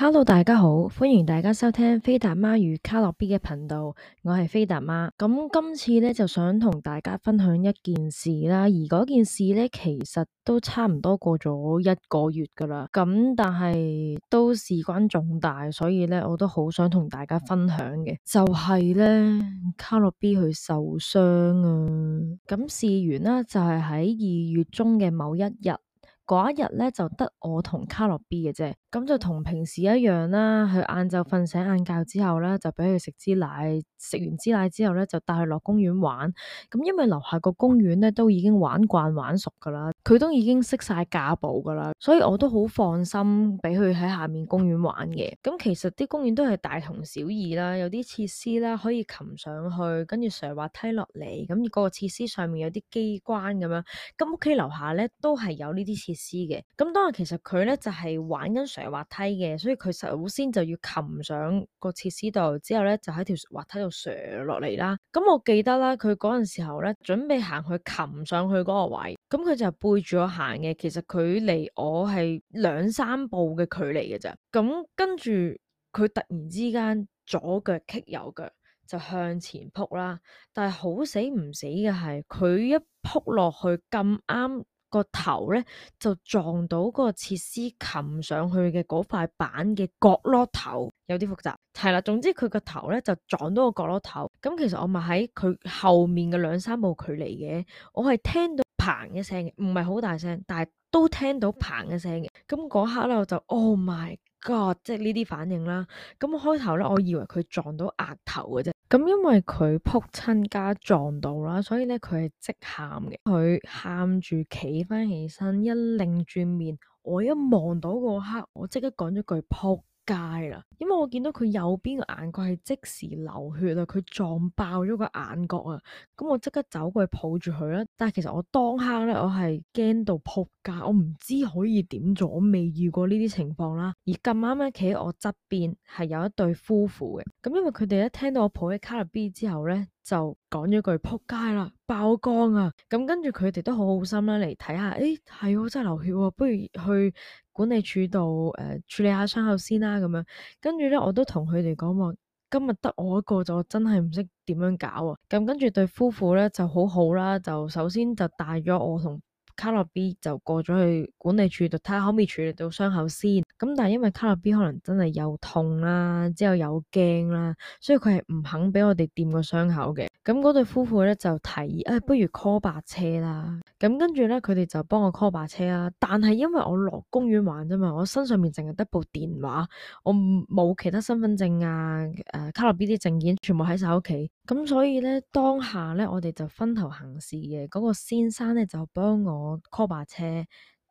Hello，大家好，歡迎大家收聽菲達媽與卡樂 B 嘅頻道，我係菲達媽，咁今次呢就想同大家分享一件事啦，而嗰件事呢，其實都差唔多過咗一個月噶啦，咁但係都事關重大，所以呢，我都好想同大家分享嘅，就係、是、呢，卡樂 B 佢受傷啊，咁事緣啦，就係喺二月中嘅某一日，嗰一日呢，就得我同卡樂 B 嘅啫。咁就同平時一樣啦。佢晏晝瞓醒晏覺之後咧，就俾佢食支奶。食完支奶之後咧，就帶佢落公園玩。咁因為樓下個公園咧都已經玩慣玩熟㗎啦，佢都已經識晒架步㗎啦，所以我都好放心俾佢喺下面公園玩嘅。咁其實啲公園都係大同小異啦，有啲設施啦，可以擒上去，跟住成滑梯落嚟。咁、那、嗰個設施上面有啲機關咁樣。咁屋企樓下咧都係有呢啲設施嘅。咁當日其實佢咧就係、是、玩緊滑梯嘅，所以佢首先就要擒上個設施度，之後咧就喺條滑梯度上落嚟啦。咁我記得啦，佢嗰陣時候咧準備行去擒上去嗰個位，咁佢就背住我行嘅，其實佢離我係兩三步嘅距離嘅咋。咁跟住佢突然之間左腳踢右腳，就向前撲啦。但係好死唔死嘅係，佢一撲落去咁啱。個頭咧就撞到個設施擒上去嘅嗰塊板嘅角落頭，有啲複雜，係啦。總之佢個頭咧就撞到個角落頭。咁其實我咪喺佢後面嘅兩三步距離嘅，我係聽到嘭一聲嘅，唔係好大聲，但係都聽到嘭一聲嘅。咁嗰刻咧我就 Oh my God，即係呢啲反應啦。咁開頭咧我以為佢撞到額頭嘅啫。咁、嗯、因為佢撲親家撞到啦，所以呢佢係即喊嘅。佢喊住企返起身，一擰轉面，我一望到嗰刻，我即刻講咗句撲。街啦，因為我見到佢右邊個眼角係即時流血啊，佢撞爆咗個眼角啊，咁我即刻走過去抱住佢啦。但係其實我當刻咧，我係驚到撲街，我唔知可以點做，我未遇過呢啲情況啦。而咁啱咧，企喺我側邊係有一對夫婦嘅，咁因為佢哋一聽到我抱起卡 a B 卡樂 B 之後咧，就講咗句撲街啦，爆缸啊！咁跟住佢哋都好好心啦，嚟睇下，誒，係我真係流血喎，不如去。管理處度，誒、呃、處理下傷口先啦，啊，咁樣跟住咧，我都同佢哋講話，今日得我一個，就真係唔識點樣搞啊。咁跟住對夫婦咧就好好啦，就首先就帶咗我同卡樂 B 就過咗去管理處度，睇下可唔可以處理到傷口先。咁但係因為卡樂 B 可能真係又痛啦，之後又驚啦，所以佢係唔肯俾我哋掂個傷口嘅。咁、嗯、嗰對夫婦咧就提議，誒、哎、不如 call 白車啦。咁跟住咧，佢哋就幫我 call 把車啦。但係因為我落公園玩啫嘛，我身上面淨係得部電話，我冇其他身份證啊，誒、呃，卡樂 B 啲證件全部喺晒屋企。咁所以咧，當下咧，我哋就分頭行事嘅。嗰、那個先生咧就幫我 call 把車。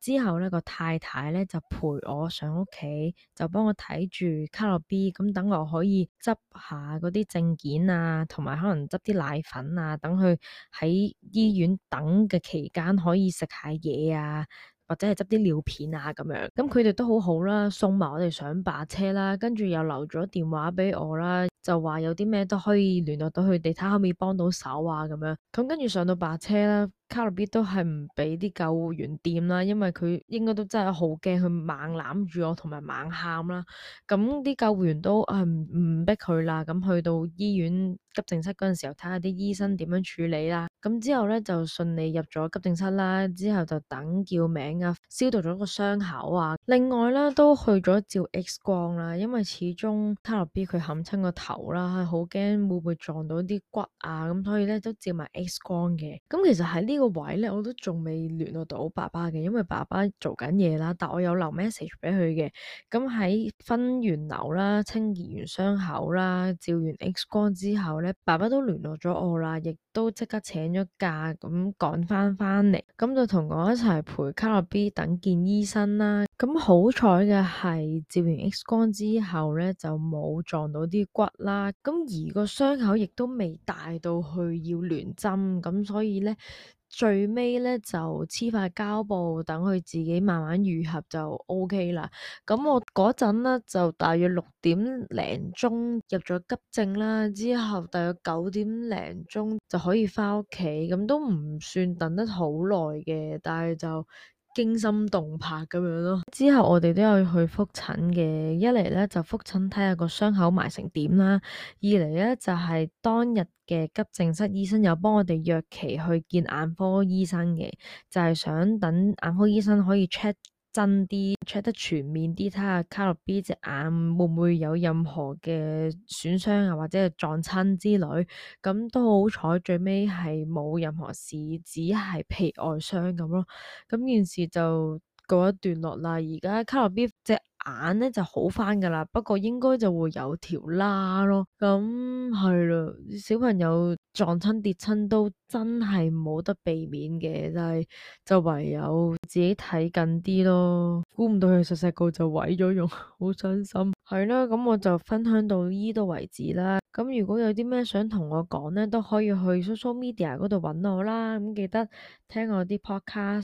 之後呢、呢個太太呢，就陪我上屋企，就幫我睇住卡樂 B，咁等我可以執下嗰啲證件啊，同埋可能執啲奶粉啊，等佢喺醫院等嘅期間可以食下嘢啊。或者係執啲尿片啊咁樣，咁佢哋都好好啦，送埋我哋上白車啦，跟住又留咗電話俾我啦，就話有啲咩都可以聯絡到佢哋，睇下可唔可以幫到手啊咁樣。咁跟住上到白車啦，卡樂 B 都係唔俾啲救護員掂啦，因為佢應該都真係好驚，佢猛攬住我同埋猛喊啦。咁啲救護員都係唔逼佢啦。咁去到醫院急症室嗰陣時候，睇下啲醫生點樣處理啦。咁之後咧，就順利入咗急症室啦，之後就等叫名啊，消毒咗個傷口啊，另外啦，都去咗照 X 光啦，因為始終卡樂 B 佢冚親個頭啦，好驚會唔會撞到啲骨啊，咁所以咧，都照埋 X 光嘅。咁其實喺呢個位咧，我都仲未聯絡到爸爸嘅，因為爸爸做緊嘢啦，但我有留 message 俾佢嘅。咁喺分完樓啦，清潔完傷口啦，照完 X 光之後咧，爸爸都聯絡咗我啦，亦都即刻請咗假咁趕翻翻嚟，咁就同我一齊陪卡樂 B 等見醫生啦。 咁好彩嘅係，照完 X 光之後呢，就冇撞到啲骨啦，咁而個傷口亦都未大到去要縫針，咁所以呢，最尾呢就黐塊膠布，等佢自己慢慢愈合就 OK 啦。咁我嗰陣呢，就大約六點零鐘入咗急症啦，之後大約九點零鐘就可以返屋企，咁都唔算等得好耐嘅，但係就。驚心動魄咁樣咯，之後我哋都有去覆診嘅，一嚟咧，就覆診睇下個傷口埋成點啦，二嚟咧，就係當日嘅急症室醫生有幫我哋約期去見眼科醫生嘅，就係想等眼科醫生可以 check。真啲 check 得全面啲，睇下卡樂 B 隻眼會唔會有任何嘅損傷啊，或者係撞親之類，咁都好彩，最尾係冇任何事，只係皮外傷咁咯，咁件事就。告一段落啦，而家卡樂 B 隻眼咧就好翻噶啦，不過應該就會有條瘌咯，咁係啦，小朋友撞親跌親都真係冇得避免嘅，但係就唯有自己睇緊啲咯，估唔到佢細細個就毀咗容，好傷心。係咯，咁我就分享到呢度為止啦。咁、嗯、如果有啲咩想同我講咧，都可以去 social media 嗰度搵我啦。咁、嗯、記得聽我啲 podcast。